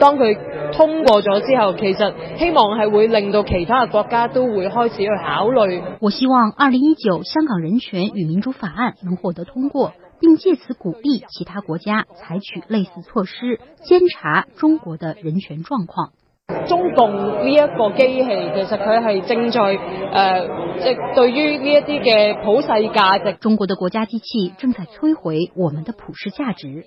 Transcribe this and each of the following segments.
當佢通過咗之後，其實希望係會令到其他嘅國家都會開始去考慮。我希望二零一九香港人權與民主法案能獲得通過，並借此鼓勵其他國家採取類似措施，監察中國的人權狀況。中共呢一個機器，其實佢係正在誒，即對於呢一啲嘅普世價值。中國的國家機器正在摧毀我們的普世價值。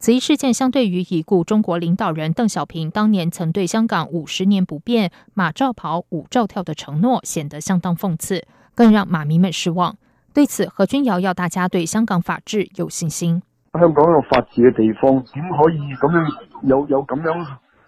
此一事件相對於已故中國領導人鄧小平當年曾對香港“五十年不變，馬照跑，舞照跳”的承諾，顯得相當諷刺，更讓馬迷們失望。對此，何君堯要大家對香港法治有信心。香港有法治嘅地方，點可以咁樣有有咁樣？有有